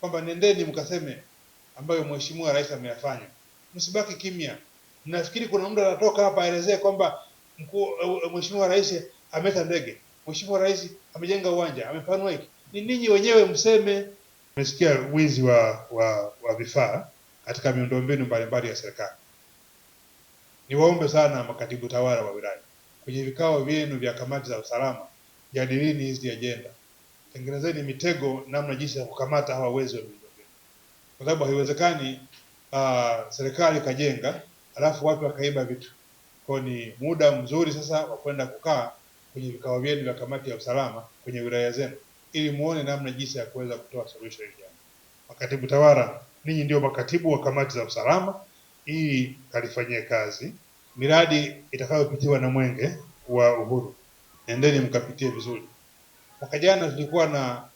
kwamba nendeni mkaseme ambayo mheshimiwa rais ameyafanya, msibaki kimya. Nafikiri kuna mtu anatoka hapa aelezee kwamba eh, mheshimiwa rais ameleta ndege, mheshimiwa rais amejenga uwanja, amepanua hiki. Ni ninyi wenyewe mseme. Tumesikia wizi wa wa, wa vifaa katika miundombinu mbalimbali ya serikali. Niwaombe sana makatibu tawala wa wilaya, kwenye vikao vyenu vya kamati za usalama, jadilini hizi ajenda tengenezeni mitego namna jinsi ya kukamata hawa wezi wa miundombinu, kwa sababu haiwezekani uh, serikali ikajenga alafu watu wakaiba vitu. Kwa ni muda mzuri sasa wa kwenda kukaa kwenye vikao vyenu vya kamati ya usalama kwenye wilaya zenu, ili muone namna jinsi ya kuweza kutoa solution hili Makatibu tawala, ninyi ndio makatibu wa kamati za usalama, ili kalifanyie kazi miradi itakayopitiwa na mwenge wa uhuru. Endeni mkapitie vizuri. Mwaka jana tulikuwa na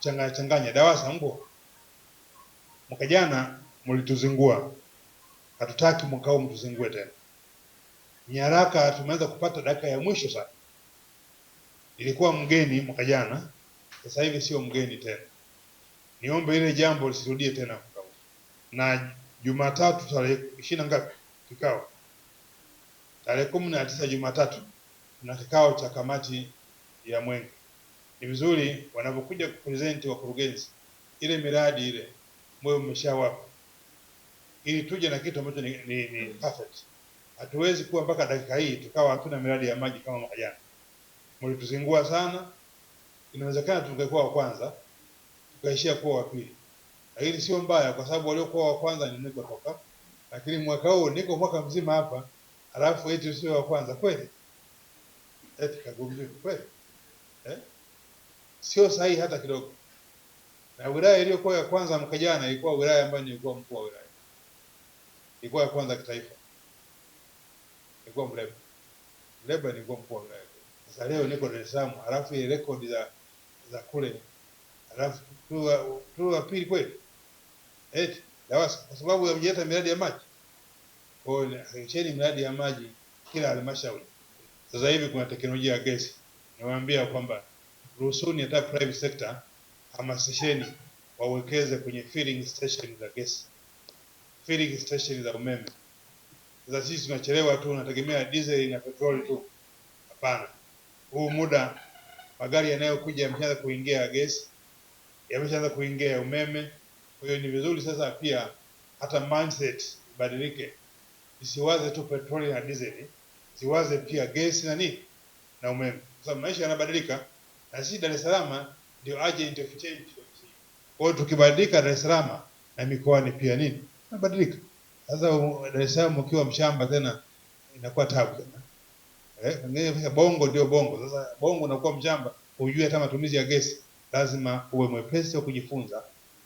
changanya changanya DAWASA mbo Mwaka jana mlituzingua, hatutaki mwaka huu mtuzingue tena. Nyaraka tumeanza kupata dakika ya mwisho sana, ilikuwa mgeni mwaka jana, sasa hivi sio mgeni tena. Niombe ile jambo lisirudie tena na Jumatatu tarehe ishirini na ngapi? Kikao tarehe kumi na tisa Jumatatu na kikao cha kamati ya Mwenge ni vizuri wanapokuja kupresenti wakurugenzi ile miradi ile moyo mmeshawapa, ili tuje na kitu ambacho ni, ni, ni perfect. Hatuwezi kuwa mpaka dakika hii tukawa hatuna miradi ya maji kama mwaka jana. Mlituzingua sana, inawezekana tungekuwa wa kwanza tukaishia kuwa wa pili, lakini sio mbaya, kwa sababu waliokuwa wa kwanza ni niko toka, lakini mwaka huu niko mwaka mzima hapa, alafu eti sio wa kwanza kweli? Eti kagumzima kweli eh? sio sahihi hata kidogo. Na wilaya iliyokuwa ya kwanza mwaka jana ilikuwa wilaya ambayo nilikuwa mkuu wa wilaya, ilikuwa ya kwanza kitaifa, ilikuwa Mleba. Mleba nilikuwa mkuu wa wilaya. Sasa leo niko Dar es Salaam, halafu ile rekodi za za kule, halafu tu wa pili kweli, eti DAWASA kwa sababu ya mjeta miradi ya maji. Kwa hiyo hakikisheni miradi ya maji kila halmashauri. Sasa hivi kuna teknolojia ya gesi, niwaambia kwamba Ruhusuni hata private sector, hamasisheni wawekeze kwenye filling station za gesi, filling station za umeme. Sasa sisi tunachelewa tu, unategemea diesel na petroli tu? Hapana, huu muda magari yanayokuja yameshaanza kuingia gesi, yameshaanza kuingia ya umeme. Kwa hiyo ni vizuri sasa pia hata mindset ibadilike, isiwaze tu petroli na diesel, siwaze pia gesi na nini na umeme, kwa sababu maisha yanabadilika na sisi Dar es Salaam ndio agent of change. Kwa hiyo tukibadilika Dar es Salaam na mikoa ni pia nini nabadilika. Sasa Dar es Salaam ukiwa mshamba tena inakuwa tabu tena. Eh, ngine bongo ndio bongo. Sasa bongo unakuwa mshamba, hujui hata matumizi ya gesi. Lazima uwe mwepesi wa kujifunza,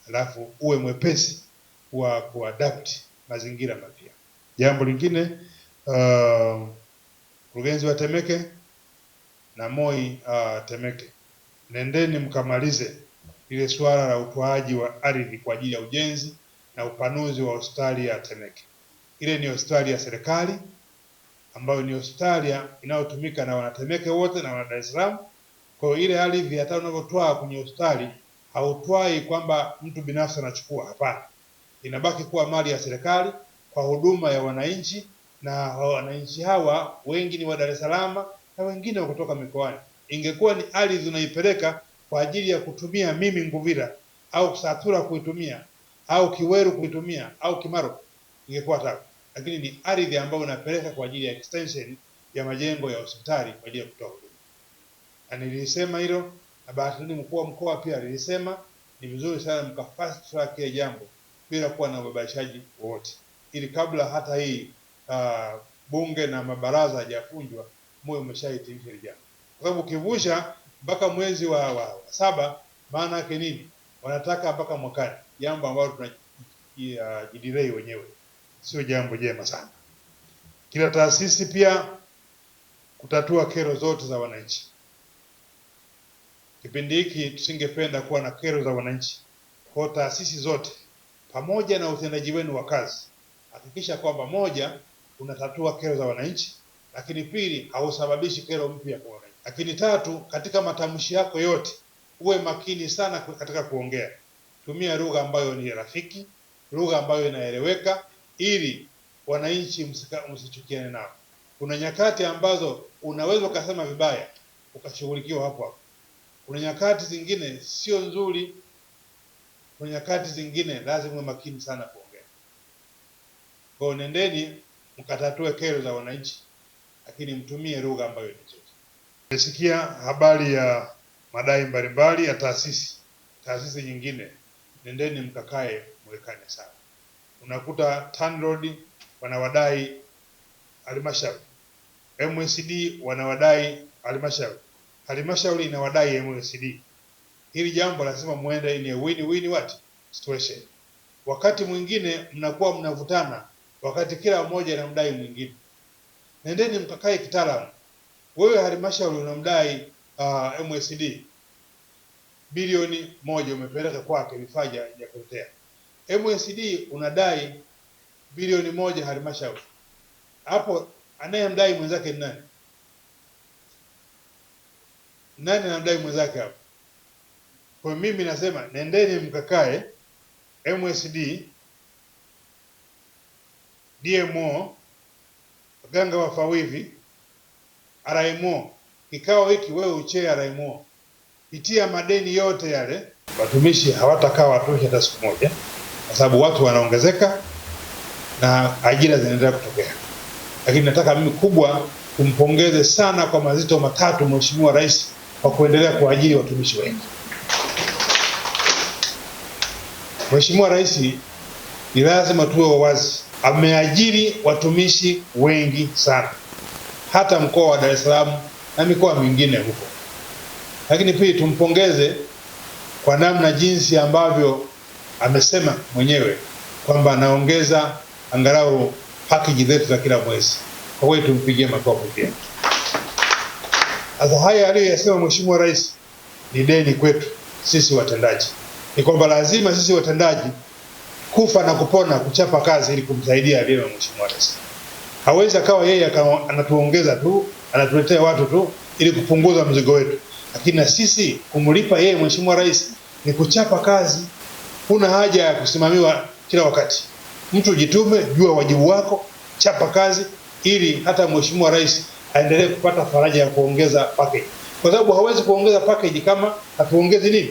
alafu uwe mwepesi wa kuadapt mazingira mapya. Jambo lingine uh, mkurugenzi uh, wa Temeke na MOI uh, Temeke nendeni mkamalize ile suala la utoaji wa ardhi kwa ajili ya ujenzi na upanuzi wa hospitali ya Temeke. Ile ni hospitali ya serikali ambayo ni hospitali inayotumika na wanatemeke wote na wana Dar es Salaam. Kwa hiyo ile ardhi hata unavyotoa kwenye hospitali hautwai kwamba mtu binafsi anachukua, hapana, inabaki kuwa mali ya serikali kwa huduma ya wananchi, na wananchi hawa wengi ni wa Dar es Salaam na wengine wa kutoka mikoani ingekuwa ni ardhi unaipeleka kwa ajili ya kutumia mimi Nguvira au Satura kuitumia au Kiweru kuitumia au Kimaro, ingekuwa taka, lakini ni ardhi ambayo unapeleka kwa ajili ya extension ya majengo ya hospitali kwa ajili ya kutoa huduma. Na nilisema hilo, na bahati ni mkuu wa mkoa pia alisema ni vizuri sana mka fast track ya jambo bila kuwa na ubabaishaji wote ili kabla hata hii uh, bunge na mabaraza hajafunjwa moyo umeshahitimisha jambo kwa sababu ukivusha mpaka mwezi wa, wa, wa saba, maana yake nini? Wanataka mpaka mwakani, jambo ambalo tunajidirei uh, wenyewe, sio jambo jema sana. Kila taasisi pia kutatua kero zote za wananchi. Kipindi hiki tusingependa kuwa na kero za wananchi. Kwa taasisi zote pamoja na utendaji wenu wa kazi, hakikisha kwamba moja, unatatua kero za wananchi, lakini pili, hausababishi kero mpya kwa lakini tatu, katika matamshi yako yote uwe makini sana katika kuongea. Tumia lugha ambayo ni rafiki, lugha ambayo inaeleweka, ili wananchi msichukiane nao. Kuna nyakati ambazo unaweza ukasema vibaya ukashughulikiwa hapo hapo. Kuna nyakati zingine sio nzuri, kuna nyakati zingine lazima uwe makini sana kuongea. Kwa hiyo nendeni mkatatue kero za wananchi, lakini mtumie lugha ambayo ni nzuri. Nimesikia habari ya madai mbalimbali ya taasisi taasisi nyingine, nendeni mkakae mwekane sana. Unakuta TANROADS wanawadai halmashauri, MSD wanawadai halmashauri, halmashauri inawadai MSD. Hili jambo lazima muende ni win win what situation. Wakati mwingine mnakuwa mnavutana, wakati kila mmoja anamdai mwingine. Nendeni mkakae kitaalamu wewe halmashauri unamdai uh, MSD bilioni moja umepeleka kwake vifaa vya kuletea. MSD unadai bilioni moja halmashauri, hapo anayemdai mwenzake ni nani? Nani anamdai mwenzake hapo? Kwa mimi nasema nendeni mkakae MSD, DMO, waganga wafawidhi RMO, kikao hiki wewe uchee RMO, pitia madeni yote yale. Watumishi hawatakaa watoshi hata siku moja, kwa sababu watu wanaongezeka na ajira zinaendelea kutokea. Lakini nataka mimi kubwa kumpongeze sana kwa mazito matatu Mheshimiwa Rais kwa kuendelea kuajiri watumishi wengi. Mheshimiwa Rais ni lazima tuwe wawazi, ameajiri watumishi wengi sana hata mkoa wa Dar es Salaam na mikoa mingine huko. Lakini pia tumpongeze kwa namna jinsi ambavyo amesema mwenyewe kwamba anaongeza angalau package zetu za kila mwezi. Kwa kweli tumpigie makofi pia. Sasa haya aliyoyasema Mheshimiwa Rais ni deni kwetu sisi watendaji, ni kwamba lazima sisi watendaji kufa na kupona kuchapa kazi ili kumsaidia aliyema Mheshimiwa Rais. Hawezi akawa yeye anatuongeza tu anatuletea watu tu ili kupunguza mzigo wetu, lakini na sisi kumlipa yeye Mheshimiwa Rais ni kuchapa kazi. Kuna haja ya kusimamiwa kila wakati. Mtu jitume, jua wajibu wako, chapa kazi, ili hata Mheshimiwa Rais aendelee kupata faraja ya kuongeza package, kwa sababu hawezi kuongeza package kama hatuongezi nini,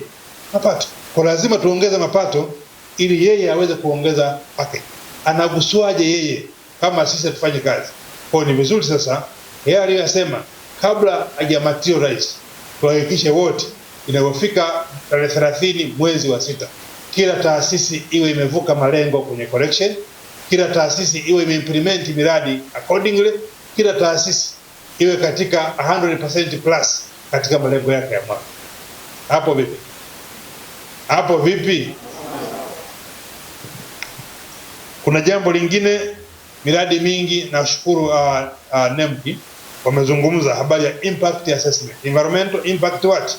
mapato. Kwa lazima tuongeze mapato ili yeye aweze kuongeza package. Anaguswaje yeye? kama sisi hatufanye kazi. Kwa ni vizuri sasa yeye aliyosema kabla hajamatio rais, tuhakikishe wote inapofika tarehe thelathini mwezi wa sita, kila taasisi iwe imevuka malengo kwenye collection, kila taasisi iwe imeimplement miradi accordingly, kila taasisi iwe katika 100% plus katika malengo yake ya mwaka. Hapo vipi? Hapo vipi? Kuna jambo lingine miradi mingi. Nashukuru uh, uh, NEMKI wamezungumza habari ya impact assessment, environmental impact what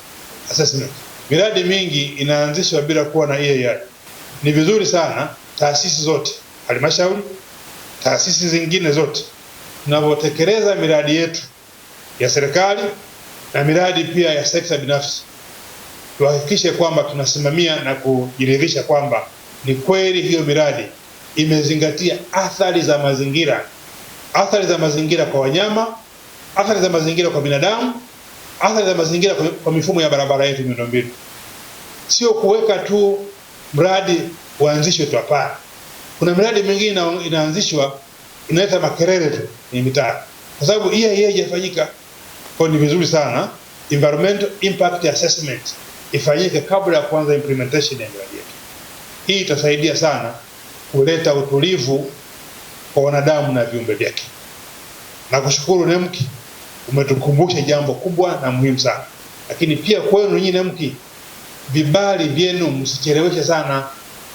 assessment. Miradi mingi inaanzishwa bila kuwa na EIR. Ni vizuri sana taasisi zote, halmashauri, taasisi zingine zote, tunavyotekeleza miradi yetu ya serikali na miradi pia ya sekta binafsi, tuhakikishe kwamba tunasimamia na kujiridhisha kwamba ni kweli hiyo miradi imezingatia athari za mazingira, athari za mazingira kwa wanyama, athari za mazingira kwa binadamu, athari za mazingira kwa mifumo ya barabara yetu, miundombinu. Sio kuweka tu mradi uanzishwe tu, hapana. Kuna miradi mingine inaanzishwa inaleta makerere tu ni mitaa, kwa sababu hiyo hiyo haijafanyika. Kwa ni vizuri sana environmental impact assessment ifanyike kabla ya kuanza implementation ya miradi yetu. Hii itasaidia sana kuleta utulivu kwa wanadamu na viumbe vyake. Nakushukuru Nemki, umetukumbusha jambo kubwa na muhimu sana, lakini pia kwenu nyinyi Nemki, vibali vyenu msicheleweshe sana.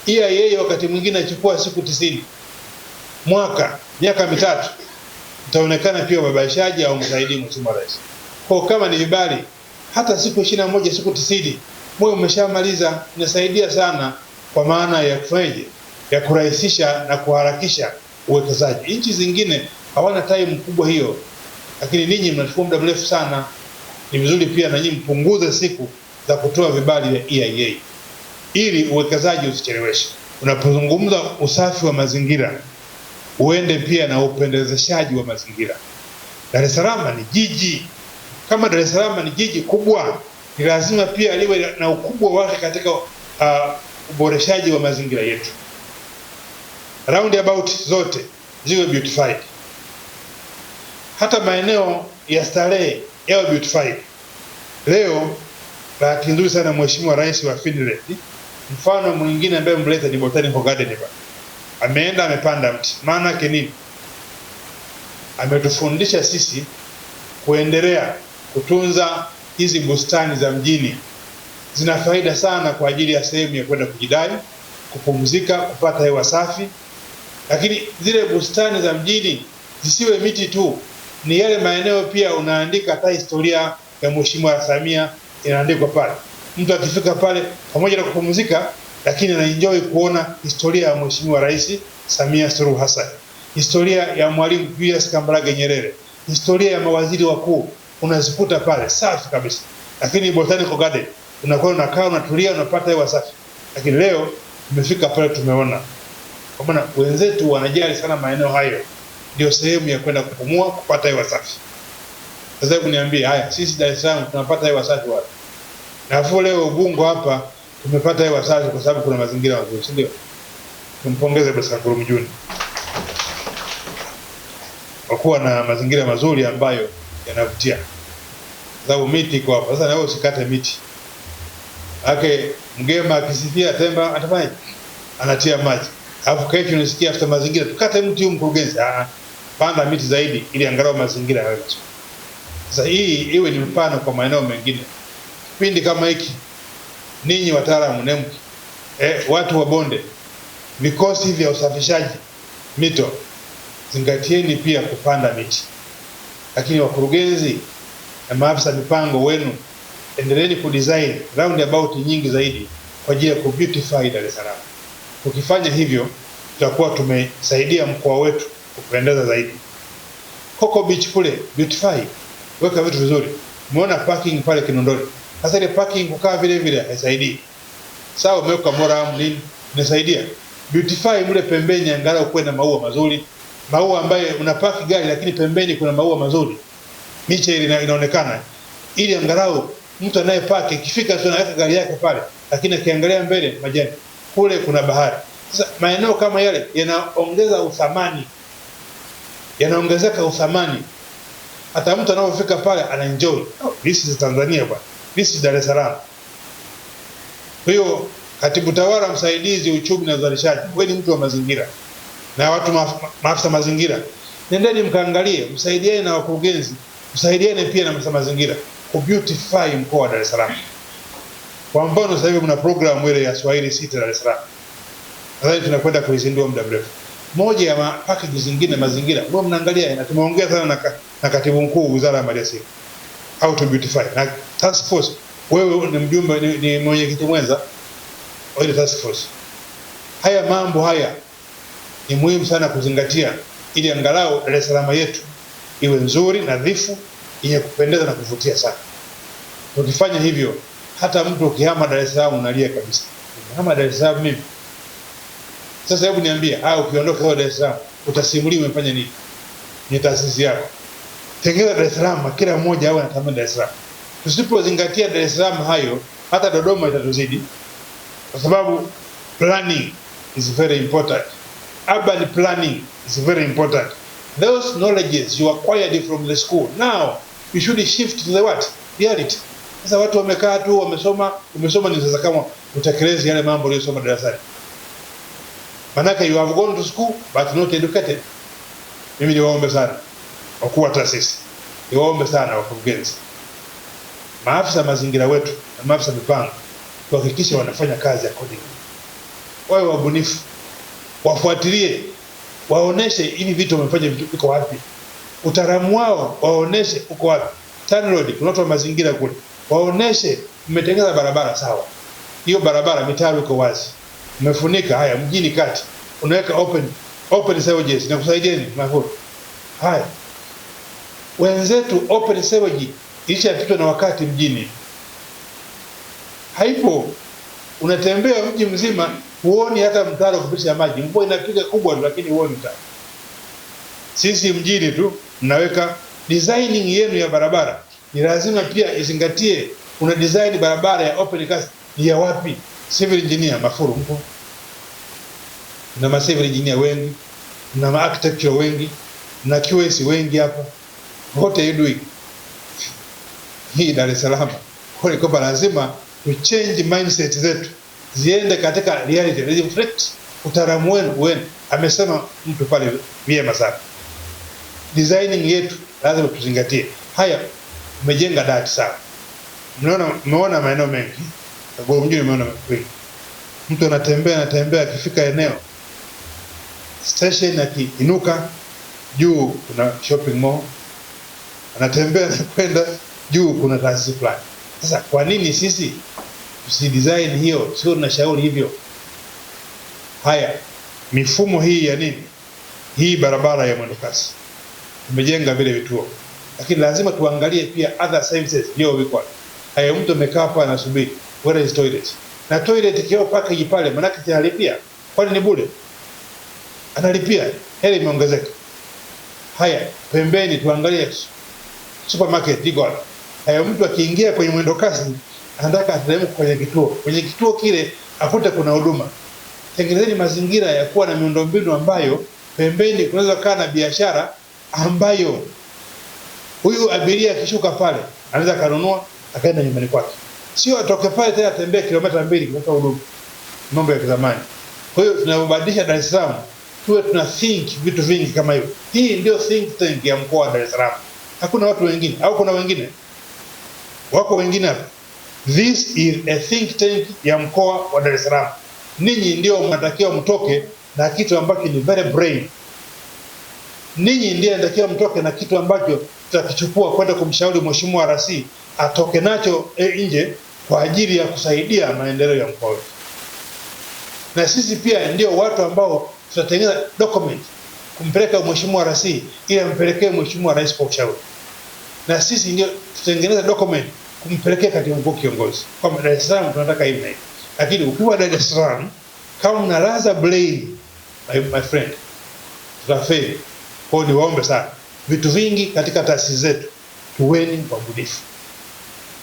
Iya yeye wakati mwingine achukua siku tisini, mwaka, miaka mitatu, utaonekana pia ubabaishaji au msaidizi Mheshimiwa Rais. Kwa kama ni vibali hata siku ishirini na moja siku tisini, moyo umeshamaliza, inasaidia sana kwa maana ya kufanyaje ya kurahisisha na kuharakisha uwekezaji. Nchi zingine hawana time kubwa hiyo, lakini ninyi mnachukua muda mrefu sana. Ni vizuri pia na nyinyi mpunguze siku za kutoa vibali vya EIA ili uwekezaji usicheleweshe. Unapozungumza usafi wa mazingira, uende pia na upendezeshaji wa mazingira. Dar es Salaam ni jiji, kama Dar es Salaam ni jiji kubwa, ni lazima pia liwe na ukubwa wake katika uh, uboreshaji wa mazingira yetu roundabout zote ziwe beautified, hata maeneo ya starehe yawe beautified. Leo bahati nzuri sana Mheshimiwa Rais wa Finland, mfano mwingine ambaye mleta ni Botanical Garden hapa, ameenda amepanda mti. Maana yake nini? Ametufundisha sisi kuendelea kutunza hizi bustani za mjini, zina faida sana kwa ajili ya sehemu ya kwenda kujidai, kupumzika, kupata hewa safi. Lakini zile bustani za mjini zisiwe miti tu, ni yale maeneo pia unaandika hata historia ya Mheshimiwa Samia inaandikwa pale. Mtu akifika pale, pamoja na kupumzika, lakini anaenjoy kuona historia ya Mheshimiwa Rais Samia Suluhu Hassan, historia ya Mwalimu Julius Kambarage Nyerere, historia ya mawaziri wakuu unazikuta pale, safi kabisa. Lakini botanical garden unakuwa unakaa unatulia, unapata hewa safi. Lakini leo tumefika pale, tumeona kwa maana wenzetu wanajali sana maeneo hayo, ndio sehemu ya kwenda kupumua, kupata hewa safi. Sasa hebu niambie, haya sisi Dar es Salaam tunapata hewa safi wapi? Alafu leo Ubungo hapa tumepata hewa safi kwa sababu kuna mazingira mazuri, si ndio? Tumpongeze Profesa Mjuni kwa kuwa na mazingira mazuri ambayo yanavutia, sababu miti iko hapa. Sasa na wewe usikate miti ake, mgema akisifia tembo atafanya Anatia maji alafu kesho unasikia afta mazingira tukate mti huu mkurugenzi, ah, panda miti zaidi ili angalau mazingira yawe mazuri. Sasa hii iwe ni mfano kwa maeneo mengine. Kipindi kama hiki, ninyi wataalamu nemki. eh, watu wa bonde, vikosi vya usafishaji mito, zingatieni pia kupanda miti. Lakini wakurugenzi na maafisa mipango wenu, endeleeni kudesign roundabout nyingi zaidi kwa ajili ya kubeautify Dar es Salaam. Tukifanya hivyo, tutakuwa tumesaidia mkoa wetu kupendeza zaidi. Coco Beach kule beautify, weka vitu vizuri. Umeona parking pale Kinondoni, sasa ile parking kukaa vile vile haisaidii. Sawa, umeweka moram nini, inasaidia beautify mle pembeni, angalau kuwe na maua mazuri, maua ambayo unapaki gari, lakini pembeni kuna maua mazuri, miche ile inaonekana, ili angalau mtu anayepaki ikifika, anaweka gari yake pale, lakini akiangalia mbele majani kule kuna bahari. Sasa maeneo kama yale yanaongeza uthamani, yanaongezeka uthamani, hata mtu anapofika pale ana enjoy oh, this is Tanzania bwana, this is Dar es Salaam. Kwa hiyo katibu tawala msaidizi uchumi na uzalishaji, wewe ni mtu wa mazingira na watu maafisa mazingira, nendeni mkaangalie, msaidiane na wakurugenzi, msaidiane pia na maafisa mazingira kubeautify mkoa wa Dar es Salaam. Kwa mfano sasa hivi mna programu ile ya Swahili City Dar es Salaam, nadhani tunakwenda kuizindua muda mrefu. Moja ya package zingine mazingira, ambayo mnaangalia, na tumeongea sana na, na katibu mkuu wizara ya maliasili au to beautify na task force. Wewe ni mjumbe, ni, ni mwenyekiti mwenza wa ile task force. Haya mambo haya ni muhimu sana kuzingatia, ili angalau Dar es Salaam yetu iwe nzuri, nadhifu, yenye kupendeza na kuvutia sana. Tukifanya hivyo hata mtu ukihama Dar es Salaam unalia kabisa, ukihama Dar es Salaam mimi. Sasa hebu niambie, au ah, ukiondoka hapo Dar es Salaam utasimulia umefanya nini? Ni taasisi yako. Tengeza Dar es Salaam, kila mmoja awe anatamani Dar es Salaam. Tusipozingatia Dar es Salaam hayo, hata Dodoma itatuzidi, kwa sababu planning is very important. Urban planning is very important. Those knowledges you acquired from the school now you should shift to the what reality. Sasa watu wamekaa tu wamesoma, umesoma ni sasa kama utekelezi yale mambo uliyosoma darasani. Manaka you have gone to school but not educated. Mimi niwaombe sana wakuu wa taasisi, niwaombe sana wakurugenzi, maafisa mazingira wetu na maafisa mipango, kuhakikisha wanafanya kazi accordingly, wawe wabunifu, wafuatilie, waoneshe hivi vitu wamefanya viko wapi, utaalamu wao waoneshe uko wapi. TANROADS wa mazingira kule waoneshe mmetengeneza barabara sawa, hiyo barabara mitaro iko wazi, mmefunika. Haya, mjini kati unaweka open open sewage na kusaidieni mafuru haya. Wenzetu open sewage ilishapitwa na wakati mjini, haipo. Unatembea mji mzima huoni hata mtaro kupitisha maji, mvua inapiga kubwa, lakini huoni mtaro. Sisi mjini tu mnaweka. Designing yenu ya barabara ni lazima pia izingatie, una design barabara ya open cast ni ya wapi? Civil engineer Mafuru mpo, na ma civil engineer wengi na ma architecture wengi na QS wengi hapa, what are you doing hii Dar es Salaam? Kwa hiyo lazima we change mindset zetu ziende katika reality, reflect utaalamu wenu wenu. Amesema mtu pale vyema sana, designing yetu lazima tuzingatie haya umejenga dati sana. Mnaona, maeneo mengi Kagoro mjini, umeona kweli, mtu anatembea anatembea, akifika eneo station, akiinuka juu kuna shopping mall, anatembea anakwenda juu kuna taasisi fulani. Sasa kwa nini sisi tusi design hiyo? Sio tunashauri hivyo. Haya, mifumo hii ya nini, hii barabara ya mwendokasi, tumejenga vile vituo lakini lazima tuangalie pia other services. ndio wiko hayo, mtu amekaa hapa anasubiri, where is toilet? Na toilet ikiwa package pale, manake analipia, kwani ni bure? Analipia, hela imeongezeka. Haya, pembeni tuangalie supermarket iko hapo. Hayo, mtu akiingia kwenye mwendo kasi anataka atemu kwenye kituo, kwenye kituo kile akute kuna huduma. Tengenezeni mazingira ya kuwa na miundombinu ambayo pembeni kunaweza kaa na biashara ambayo Huyu abiria akishuka pale anaweza akanunua akaenda nyumbani kwake, sio atoke pale tena atembee kilomita mbili kutoka Udugu, mambo ya kizamani. Kwa hiyo tunapobadilisha Dar es Salaam tuwe tuna think vitu vingi kama hivyo. Hii ndio think tank ya mkoa wa Dar es Salaam, hakuna watu wengine au kuna wengine wako wengine hapa? This is a think tank ya mkoa wa Dar es Salaam. Ninyi ndio mnatakiwa mtoke na kitu ambacho ni very brain ninyi ndiye anatakiwa mtoke na kitu ambacho tutakichukua kwenda kumshauri mheshimiwa RC atoke nacho e nje kwa ajili ya kusaidia maendeleo ya mkoa wetu, na sisi pia ndio watu ambao tutatengeneza document kumpeleka mheshimiwa RC ili ampelekee mheshimiwa rais kwa ushauri, na sisi ndio tutatengeneza document kumpelekea katibu mkuu kiongozi kwa Dar es Salaam tunataka hivi na hivi. Lakini ukiwa Dar es Salaam kama unalaza blame, my, my friend tutafeli. Kwa hiyo niwaombe sana, vitu vingi katika taasisi zetu tuweni wabunifu,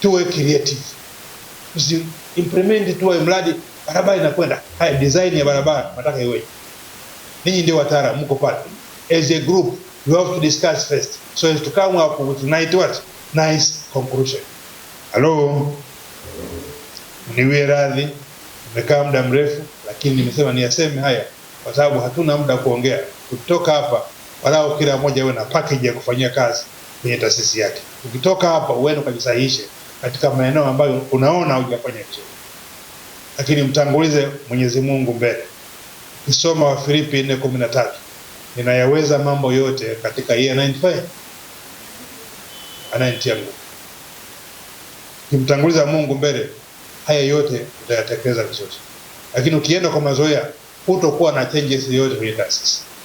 tuwe creative, usi implement tu mradi barabara inakwenda haya, design ya barabara nataka iwe. Ninyi ndio wataalamu, mko pale, as a group you have to discuss first so as to come up with night what nice conclusion. Hello, niwe radhi, nimekaa muda mrefu, lakini nimesema niyaseme haya kwa sababu hatuna muda kuongea. Kutoka hapa walau kila mmoja awe na package ya kufanyia kazi kwenye taasisi yake. Ukitoka hapa uende ukajisahihishe katika maeneo ambayo unaona hujafanya vizuri, lakini mtangulize Mwenyezi Mungu mbele. wa Filipi 4:13 ninayaweza mambo yote katika yeye anayenifanya anayenitia nguvu. Ukimtanguliza Mungu mbele, haya yote utayatekeleza vizuri, lakini ukienda kwa mazoea, hutokuwa na changes yoyote kwenye taasisi.